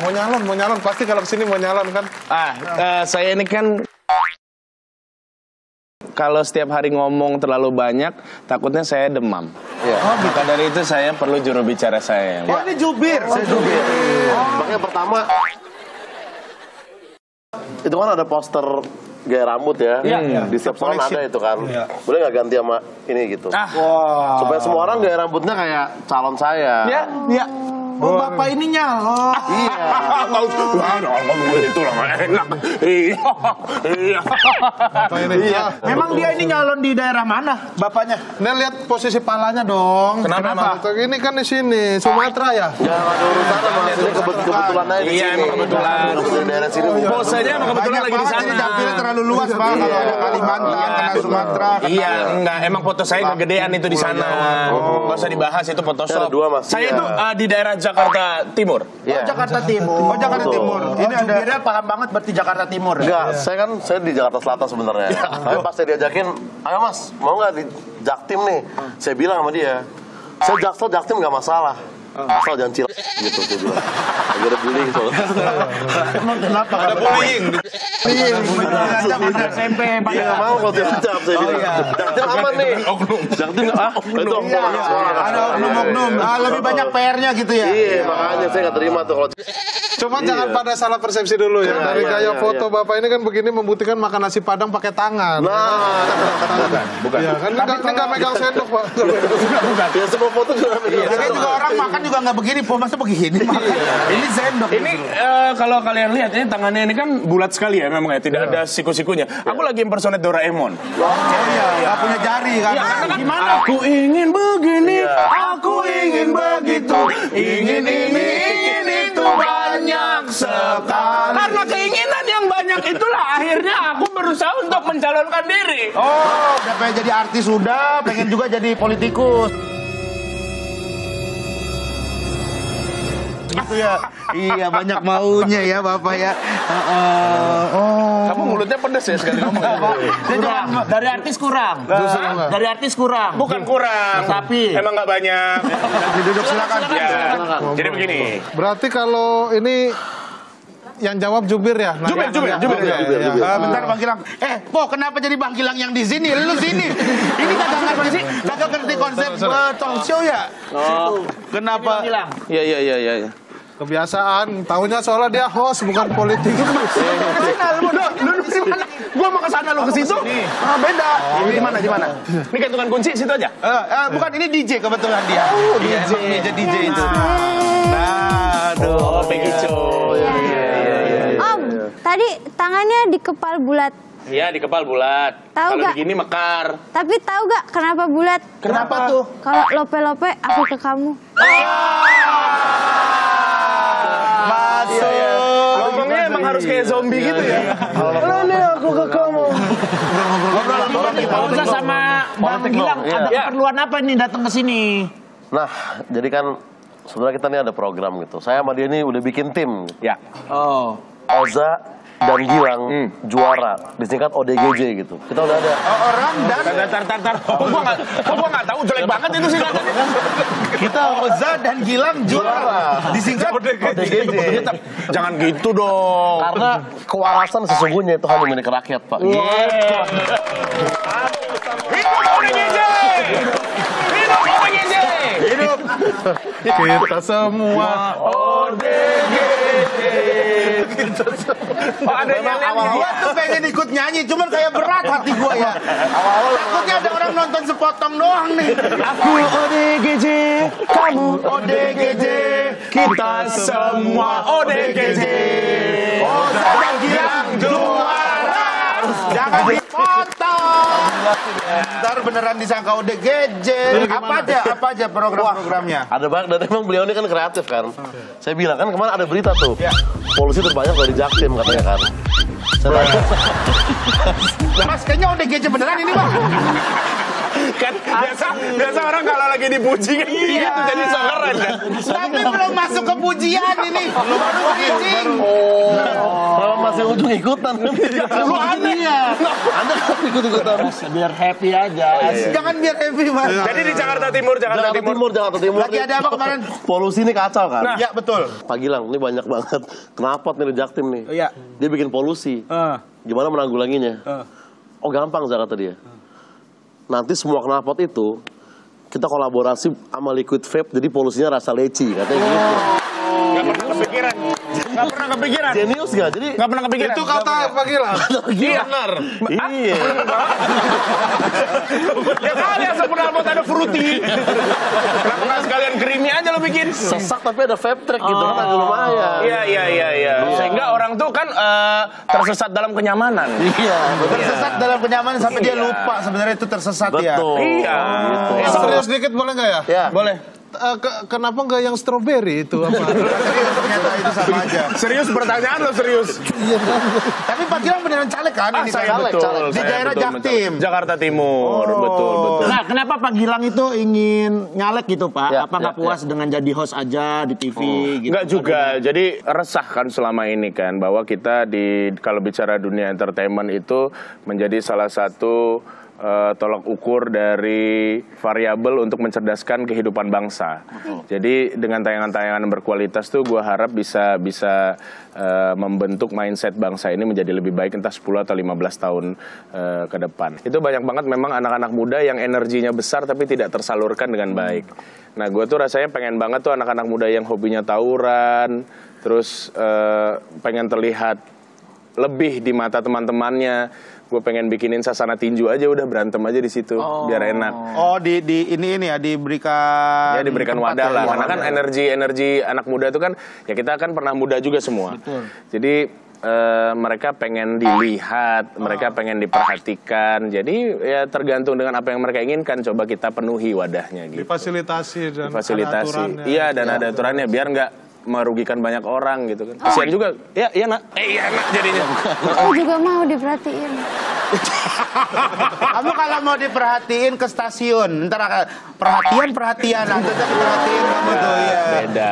Mau nyalon, mau nyalon. Pasti kalau kesini mau nyalon kan. Ah, uh, saya ini kan kalau setiap hari ngomong terlalu banyak, takutnya saya demam. Ya. Oh, gitu. Maka dari itu saya perlu juru bicara saya. Ya. Oh, ini jubir. Oh, saya jubir. Oh. Makanya pertama itu kan ada poster gaya rambut ya. ya di Di setiap iya. salon ada itu kan. Ya. Boleh nggak ganti sama ini gitu. Ah. Wow. Supaya semua orang gaya rambutnya kayak calon saya. Iya. Iya. Oh, bapak ini nyalon. Oh. Iya. Enggak usah. Enggak itu lah enak. Iya. Iya. Iya. Memang dia ini nyalon di daerah mana bapaknya? Nih lihat posisi palanya dong. Kenapa? Kenapa? Ini kan di sini Sumatera ya. Ya, ada urusan sama sini kebetulan aja Iya, kebetulan. Di daerah sini. Bosnya iya. emang kebetulan lagi di sana. Jadi dapilnya terlalu luas, Pak. Iya. Kalau ada Kalimantan, kena iya, Sumatera. Iya, enggak. Emang foto saya kegedean itu di oh, sana. Enggak usah dibahas itu foto Saya itu eh, di daerah Jawa Jakarta Timur. Yeah. Oh, Jakarta Timur. Oh, Jakarta Timur. Oh, ini ada paham banget berarti Jakarta Timur. Ya? Enggak, ya? saya kan saya di Jakarta Selatan sebenarnya. Iya. Tapi pas saya diajakin, "Ayo Mas, mau nggak di Jaktim nih?" Saya bilang sama dia, "Saya Jaksel Jaktim nggak masalah." Oh. asal jangan cilak gitu gue bilang lagi ada bullying soalnya emang kenapa ada bullying iya, bullying SMP iya, iya, dia gak mau kalau diancam saya oh, bilang Jangan aman nih oknum diancam ah itu oknum ada oknum oknum ah, lebih banyak PR-nya gitu ya iya makanya saya gak terima tuh kalau Cuman iya. jangan pada salah persepsi dulu ya. Iya, Dari iya, gaya iya, foto iya. Bapak ini kan begini membuktikan makan nasi Padang pakai tangan. Nah, tangan. Iya bukan, bukan. Iya, kan enggak enggak megang sendok, Pak. Iya, bukan, Ya semua foto juga Iya, juga orang makan juga nggak begini, Pak masa begini Ini sendok. Ini gitu. eh, kalau kalian lihat ini tangannya ini kan bulat sekali ya memang ya, tidak ada siku-sikunya. Aku lagi impersonate Doraemon. Oh iya, enggak punya jari kan? kan. Gimana? Aku ingin begini, aku ingin begitu, ingin ini, ingin ini sekali. Karena keinginan yang banyak itulah akhirnya aku berusaha untuk mencalonkan diri. Oh, udah pengen jadi artis sudah, pengen juga jadi politikus. gitu ya. Iya banyak maunya ya bapak ya. Uh, oh. Kamu mulutnya pedes ya sekali ngomong. kurang. Iya. Dari artis kurang. Nah. Dari artis kurang. Bukan kurang. Tapi emang nggak banyak. Duduk silakan. silakan. Ya. Jadi begini. Berarti kalau ini yang jawab jubir ya. Nah, jubir, ya, jubir, ya, jubir. Ya, jubir, jubir, jubir. Uh, ah, bentar Bang Gilang. Eh, po kenapa jadi Bang Gilang yang di sini? Lu sini. Ini kagak ngerti, kagak ngerti konsep uh, talk show ya. Oh. Kenapa? Iya, iya, iya, iya. Ya kebiasaan tahunya soalnya dia host bukan politik. Iya, iya. kesana lu lu di mana? gua mau kesana lu kesitu? situ ah beda oh, ini gimana iya. gimana ini gantungan kunci situ aja eh, uh, bukan ini DJ kebetulan dia oh, DJ DJ itu nah aduh oh, Peggy Cho Tadi tangannya di kepal bulat. Iya, di kepal bulat. Tahu Kalau begini mekar. Tapi tahu gak kenapa bulat? Kenapa, kenapa tuh? Kalau lope-lope aku ke kamu. Ah! Iya, iya. Masuk. Iya, emang harus iya. kayak zombie gitu ya. Lo nih aku ke kamu. Ngobrol sama Bang Gilang ada keperluan apa nih datang ke sini? Nah, jadi kan sebenarnya kita ini ada program gitu. Saya sama dia ini udah bikin tim. Gitu. Ya. Oh. Oza dan Gilang hmm. juara disingkat ODGJ gitu. Kita udah ada. Oh, orang dan tar tar tar. Kok gua enggak kok oh, gua enggak tahu jelek banget itu singkatannya. Kita Oza dan Gilang juara disingkat ODGJ. Jangan gitu dong. Karena kewarasan sesungguhnya itu hanya milik rakyat, Pak. Yeah. Iya. Hidup iya. ODGJ. Kita semua ODGJ. Kita semua. Oh, ada yang awal gua tuh pengen ikut nyanyi, cuman kayak berat hati gua ya. Awal-awal takutnya ada orang nonton sepotong doang nih. Aku ODGJ, kamu ODGJ, kita semua ODGJ. Oh, sedang gilang dua foto, Ntar beneran disangka udah gadget. Apa aja, apa aja program-programnya? Ada banyak, dan emang beliau ini kan kreatif kan. Hmm. Saya bilang kan kemarin ada berita tuh. Ya. Polusi terbanyak dari Jaktim katanya kan. Mas, kayaknya udah gadget beneran ini bang kan biasa biasa orang kalau lagi dipuji kan iya. itu jadi so keren kan tapi belum masuk ke pujian iya. ini belum baru pujing oh kalau masih ujung ikutan iya. lu aneh ya anda kan ikut ikutan biar happy aja jangan biar happy mas jadi di Jakarta Timur Jakarta Timur Jakarta Timur lagi ada apa kemarin polusi ini kacau kan ya betul Pak Gilang ini banyak banget kenapa nih di Jaktim nih dia bikin polusi gimana menanggulanginya oh gampang tadi ya nanti semua knalpot itu kita kolaborasi sama liquid vape jadi polusinya rasa leci katanya gitu. Oh pernah kepikiran. Genius gak? Jadi gak pernah kepikiran. Itu kata panggilan. Iya. Benar. Iya. iya. Ya kali ya pernah buat ada fruity. Kenapa sekalian creamy aja lo bikin? Sesak tapi ada vape track gitu kan lumayan. Iya, iya iya iya iya. Sehingga orang tuh kan eh, tersesat dalam kenyamanan. Iya. Tersesat dalam kenyamanan sampai dia iya. lupa sebenarnya itu tersesat ya. Betul. Iya. Oh, gitu. Serius dikit boleh gak ya? Boleh. Eh, ke, kenapa nggak yang strawberry itu apa? Ternyata itu sama aja. Serius pertanyaan lo serius. Iya, kan? Tapi Pak Gilang beneran caleg kan? Ah, ini saya caleg, betul. Caleg. Di daerah betul, Jaktim. Jakarta Timur, oh. betul betul. Nah, kenapa Pak Gilang itu ingin nyalek gitu Pak? Ya, apa nggak ya, ya. puas ya. dengan jadi host aja di TV? Oh. Gitu, nggak juga. Jadi resah kan selama ini kan bahwa kita di kalau bicara dunia entertainment itu menjadi salah satu uh, eh, tolak ukur dari variabel untuk mencerdaskan kehidupan bangsa. Jadi dengan tayangan-tayangan berkualitas tuh gue harap bisa bisa uh, membentuk mindset bangsa ini menjadi lebih baik entah 10 atau 15 tahun uh, ke depan. Itu banyak banget memang anak-anak muda yang energinya besar tapi tidak tersalurkan dengan baik. Nah gue tuh rasanya pengen banget tuh anak-anak muda yang hobinya tawuran, terus uh, pengen terlihat lebih di mata teman-temannya gue pengen bikinin sasana tinju aja udah berantem aja di situ oh. biar enak oh di di ini ini ya diberikan ya diberikan wadah ya, lah karena kan energi energi anak muda itu kan ya kita kan pernah muda juga semua Betul. jadi E, mereka pengen dilihat, mereka ah. pengen diperhatikan. Jadi ya tergantung dengan apa yang mereka inginkan. Coba kita penuhi wadahnya gitu. Difasilitasi dan Difasilitasi. Ada aturannya. Iya dan ya, ada aturannya biar nggak merugikan banyak orang gitu kan. Kasihan oh. juga. Ya, iya nak. Eh, iya nak jadinya. Aku juga mau diperhatiin. Kamu kalau mau diperhatiin ke stasiun, ntar perhatian perhatian, nanti perhatiin kamu tuh ya. Beda.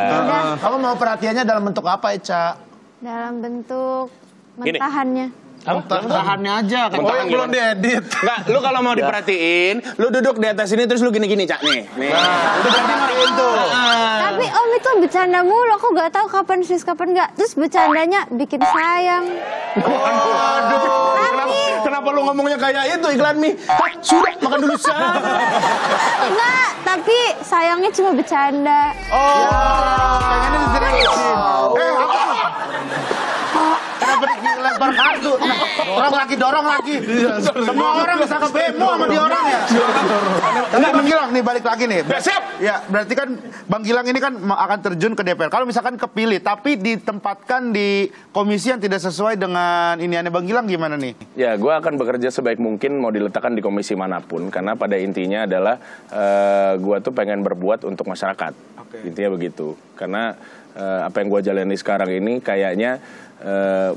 Kamu mau perhatiannya dalam bentuk apa, Eca? Dalam bentuk mentahannya tahannya aja. Kan? Oh yang belum diedit. Enggak, lu kalau mau diperhatiin, lu duduk di atas ini terus lu gini-gini, Cak. Nih, nih. Nah, nah. itu ngariin tuh. Tapi Om itu bercanda mulu, aku gak tahu kapan sih kapan gak. Terus bercandanya bikin sayang. Waduh. Kenapa, kenapa lu ngomongnya kayak itu iklan mie? Sudah, makan dulu sayang. Enggak, tapi sayangnya cuma bercanda. Oh, pengennya diseriusin. Eh, lebar kartu. Orang lagi dorong lagi. Iya, Semua orang bisa ke bemo sama dia orang ya. Iya, Enggak menghilang nih balik lagi nih. Ya, siap. Ya, berarti kan Bang Gilang ini kan akan terjun ke DPR. Kalau misalkan kepilih tapi ditempatkan di komisi yang tidak sesuai dengan ini Bang Gilang gimana nih? Ya, gue akan bekerja sebaik mungkin mau diletakkan di komisi manapun karena pada intinya adalah uh, eh, gue tuh pengen berbuat untuk masyarakat. Okay. Intinya begitu. Karena uh, apa yang gue jalani sekarang ini kayaknya Eh,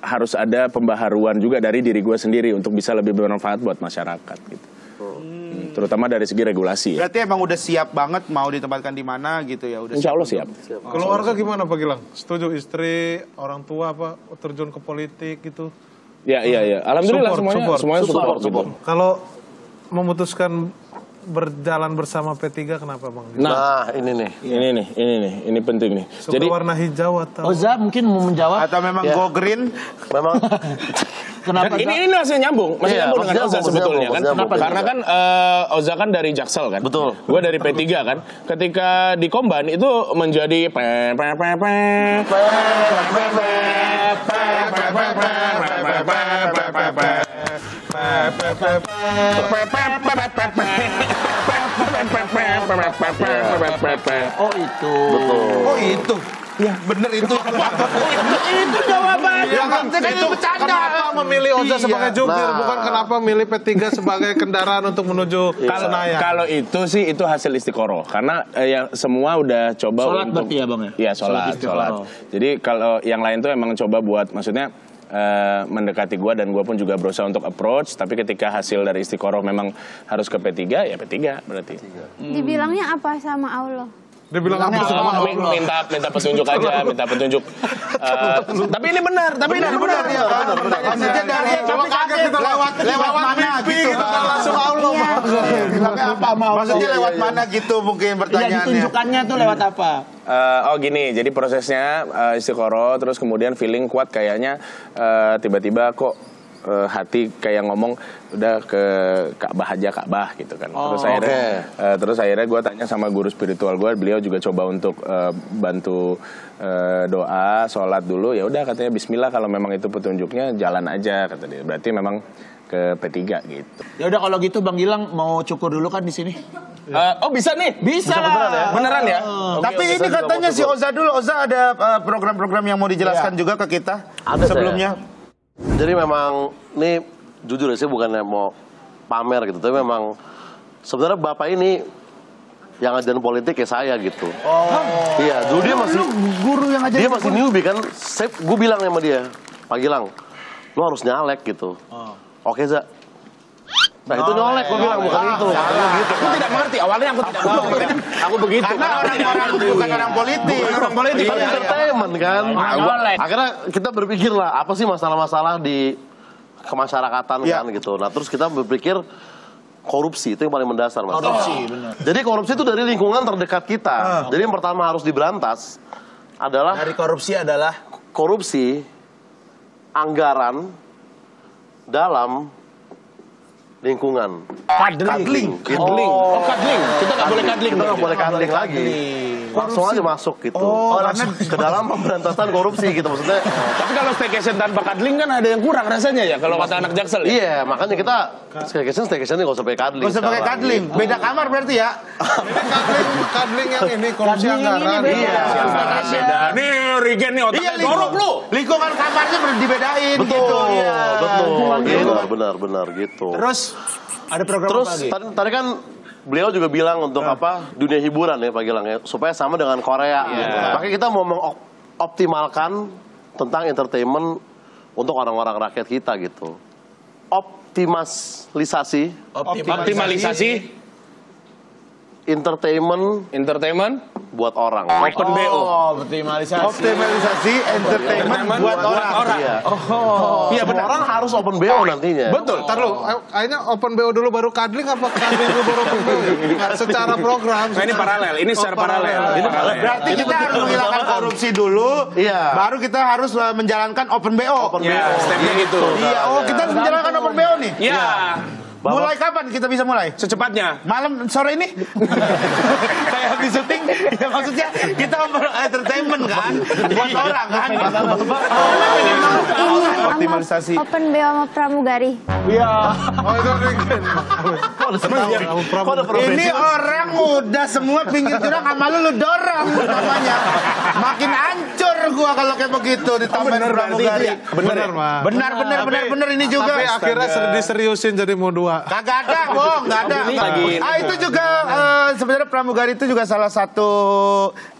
harus ada pembaharuan juga dari diri gue sendiri untuk bisa lebih bermanfaat buat masyarakat gitu. Hmm. Terutama dari segi regulasi. Ya. Berarti ya. emang udah siap banget mau ditempatkan di mana gitu ya udah. Insya Allah siap. siap. siap. Keluarga gimana Pak Gilang? Setuju istri, orang tua apa terjun ke politik gitu? Ya iya iya. Alhamdulillah support, semuanya support. semuanya support. support, support. Gitu. Kalau memutuskan berjalan bersama P3 kenapa Bang? Nah, nah ini nih, ini nih, ini nih, ini penting nih. Suka Jadi warna hijau atau Oza mungkin mau menjawab atau memang ya. go green? Memang Kenapa ini ini masih nyambung, masih iya, nyambung dengan Oza sebetulnya kan. Kenapa? Karena kan uh, Oza kan dari Jaksel kan. Betul. Gue dari P3 kan. Ketika di Komban itu menjadi pe pe pe pe pe pe pe pe pe pe pe Iya. Oh itu. Betul. Oh itu. Ya bener itu. itu jawabannya. Yang kan? kan, itu bercanda. Kenapa memilih Oza iya. sebagai jubir nah. bukan kenapa memilih P3 sebagai kendaraan untuk menuju Kalenaya. Senayan. Kalau itu sih itu hasil istiqoroh karena eh, yang semua udah coba sholat untuk berarti ya Bang ya. Iya sholat. sholat. Jadi kalau yang lain tuh emang coba buat maksudnya Eh, mendekati gue dan gue pun juga berusaha untuk approach tapi ketika hasil dari istiqoroh memang harus ke P3 ya P3 berarti. P3. Hmm. Dibilangnya apa sama Allah? Dia bilang apa nah, sih? Minta minta petunjuk aja, minta eh, petunjuk. tapi ini benar, tapi ini benar. ya benar. dari coba kaget gitu, lewat lewat mana gitu. gitu langsung Allah. Bilangnya iya. apa mau? Maksudnya lewat mana gitu mungkin iya, pertanyaannya. Iya, tuh lewat apa? Uh, oh gini, jadi prosesnya uh, istiqoroh, terus kemudian feeling kuat kayaknya tiba-tiba uh, tiba -tiba kok uh, hati kayak ngomong udah ke Ka'bah aja Ka'bah gitu kan. Oh, terus akhirnya okay. uh, eh, terus akhirnya gue tanya sama guru spiritual gue, beliau juga coba untuk uh, bantu uh, doa, sholat dulu. Ya udah katanya Bismillah kalau memang itu petunjuknya jalan aja kata dia. Berarti memang ke P3 gitu. Ya udah kalau gitu Bang Gilang mau cukur dulu kan di sini. Uh, oh bisa nih, bisa, bisa beneran ya. Beneran ya? Oh, okay, Tapi ini katanya si Oza dulu, Oza ada program-program yang mau dijelaskan yeah. juga ke kita Ada sebelumnya. Saya. Jadi memang ini jujur ya, sih bukan bukannya mau pamer gitu, tapi memang sebenarnya bapak ini yang ngajarin politik ya saya gitu. Oh. Iya, dulu dia masih guru yang ngajarin. Dia masih newbie kan. Saya gue bilang sama dia, Pak Gilang, Lo harus nyalek gitu. Oh. Oke, Zak. Nah itu nyolek gue bilang bukan itu. Aku gitu. tidak mengerti awalnya aku tidak mengerti. Aku begitu. Karena orang-orang iya. bukan orang politik. orang politik. Tapi iya, iya. entertainment kan. Akhirnya kita berpikir lah apa sih masalah-masalah di kemasyarakatan kan gitu. Nah terus kita berpikir korupsi itu yang paling mendasar mas. Korupsi nah. benar. Jadi korupsi itu dari lingkungan terdekat kita. Ah. Jadi yang pertama harus diberantas adalah dari korupsi adalah korupsi anggaran dalam lingkungan. Kadling. Kadling. Oh, kadling. Kita nggak boleh kadling. Kita nggak boleh kadling lagi langsung aja masuk gitu. Oh, oh langsung ke dalam pemberantasan korupsi gitu maksudnya. Tapi kalau staycation tanpa kadling kan ada yang kurang rasanya ya kalau kata anak jaksel. Ya? Iya, makanya kita staycation staycation nggak usah pakai kadling. Nggak usah pakai kadling, gitu. beda kamar berarti ya. kadling, kadling yang ini korupsi yang ini Iya, beda. Nih Rigen nih otaknya iya, jorok lu. Lingkungan kamarnya perlu dibedain betul, gitu. Iya. Betul, betul. Iya, benar, benar, benar gitu. Terus ada program Terus, apa lagi? Terus tadi kan beliau juga bilang untuk nah. apa dunia hiburan ya Pak Gilang ya supaya sama dengan Korea yeah. Makanya kita mau mengoptimalkan tentang entertainment untuk orang-orang rakyat kita gitu. Optimalisasi, optimalisasi, optimalisasi entertainment, entertainment buat orang. Open oh, BO. Optimalisasi. Optimalisasi entertainment buat, buat orang. orang. Iya. Oh. Iya benar. Orang harus open BO nah, nantinya. Betul. Entar lu oh. eh, akhirnya open BO dulu baru kadling apa kadling dulu baru open secara program. Nah, ini paralel. Ini secara oh, paralel. paralel. Ini paralel. Berarti kita harus menghilangkan korupsi dulu. Iya. Baru kita harus eh, menjalankan open BO. Open BO. Iya, stepnya gitu. Iya, oh kita harus iya. menjalankan open BO nih. Iya. Bapak. mulai kapan kita bisa mulai? Secepatnya. Malam sore ini? saya habis syuting, ya maksudnya kita entertainment kan buat orang kan. Optimalisasi. Open BO sama pramugari. Iya. Oh, itu Ini orang udah semua pinggir jurang sama lu lu dorong namanya. Makin ancur gua kalau kayak begitu ditambah pramugari. Benar, benar, benar, benar, benar ini juga. Tapi akhirnya diseriusin jadi mau dua dua. Kagak ada, bohong, nggak ada. Ah itu juga uh, sebenarnya pramugari itu juga salah satu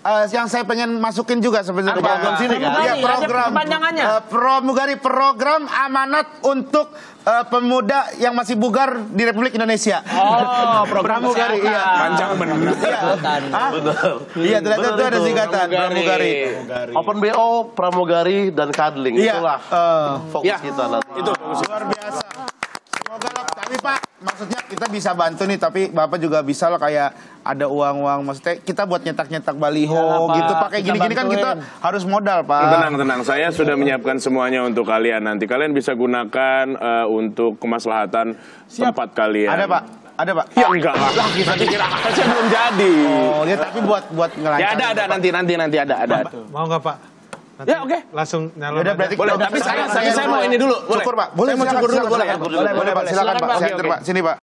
eh, yang saya pengen masukin juga sebenarnya program sini kan. Iya, program. Panjangannya. Eh, pramugari program amanat untuk pemuda yang masih bugar di Republik Indonesia. Oh, program pramugari iya. Panjang benar. Iya. Betul. Iya, itu ada singkatan pramugari. pramugari. Open BO, pramugari dan kadling iya. itulah fokus ya. kita nanti. Itu luar biasa tapi Pak, maksudnya kita bisa bantu nih, tapi Bapak juga bisa lah kayak ada uang-uang maksudnya kita buat nyetak-nyetak baliho ya, gitu pakai gini-gini kan kita harus modal, Pak. Tenang, tenang. Saya sudah menyiapkan semuanya untuk kalian nanti. Kalian bisa gunakan uh, untuk kemaslahatan Siap. tempat kalian. Ada, Pak. Ada pak? Ya enggak lah. Lah kita pikir saya belum jadi. Oh, ya tapi buat buat ngelancar. Ya ada ada gitu, nanti nanti nanti ada ada. Mau nggak pak? Nanti ya oke. Okay. Langsung nyalon. Udah berarti boleh. Tapi saya saya, saya mau ini dulu. Boleh. Cukur Pak. Boleh mau cukur dulu boleh. Boleh boleh Pak. Silakan Pak. Saya Pak. Sini Pak.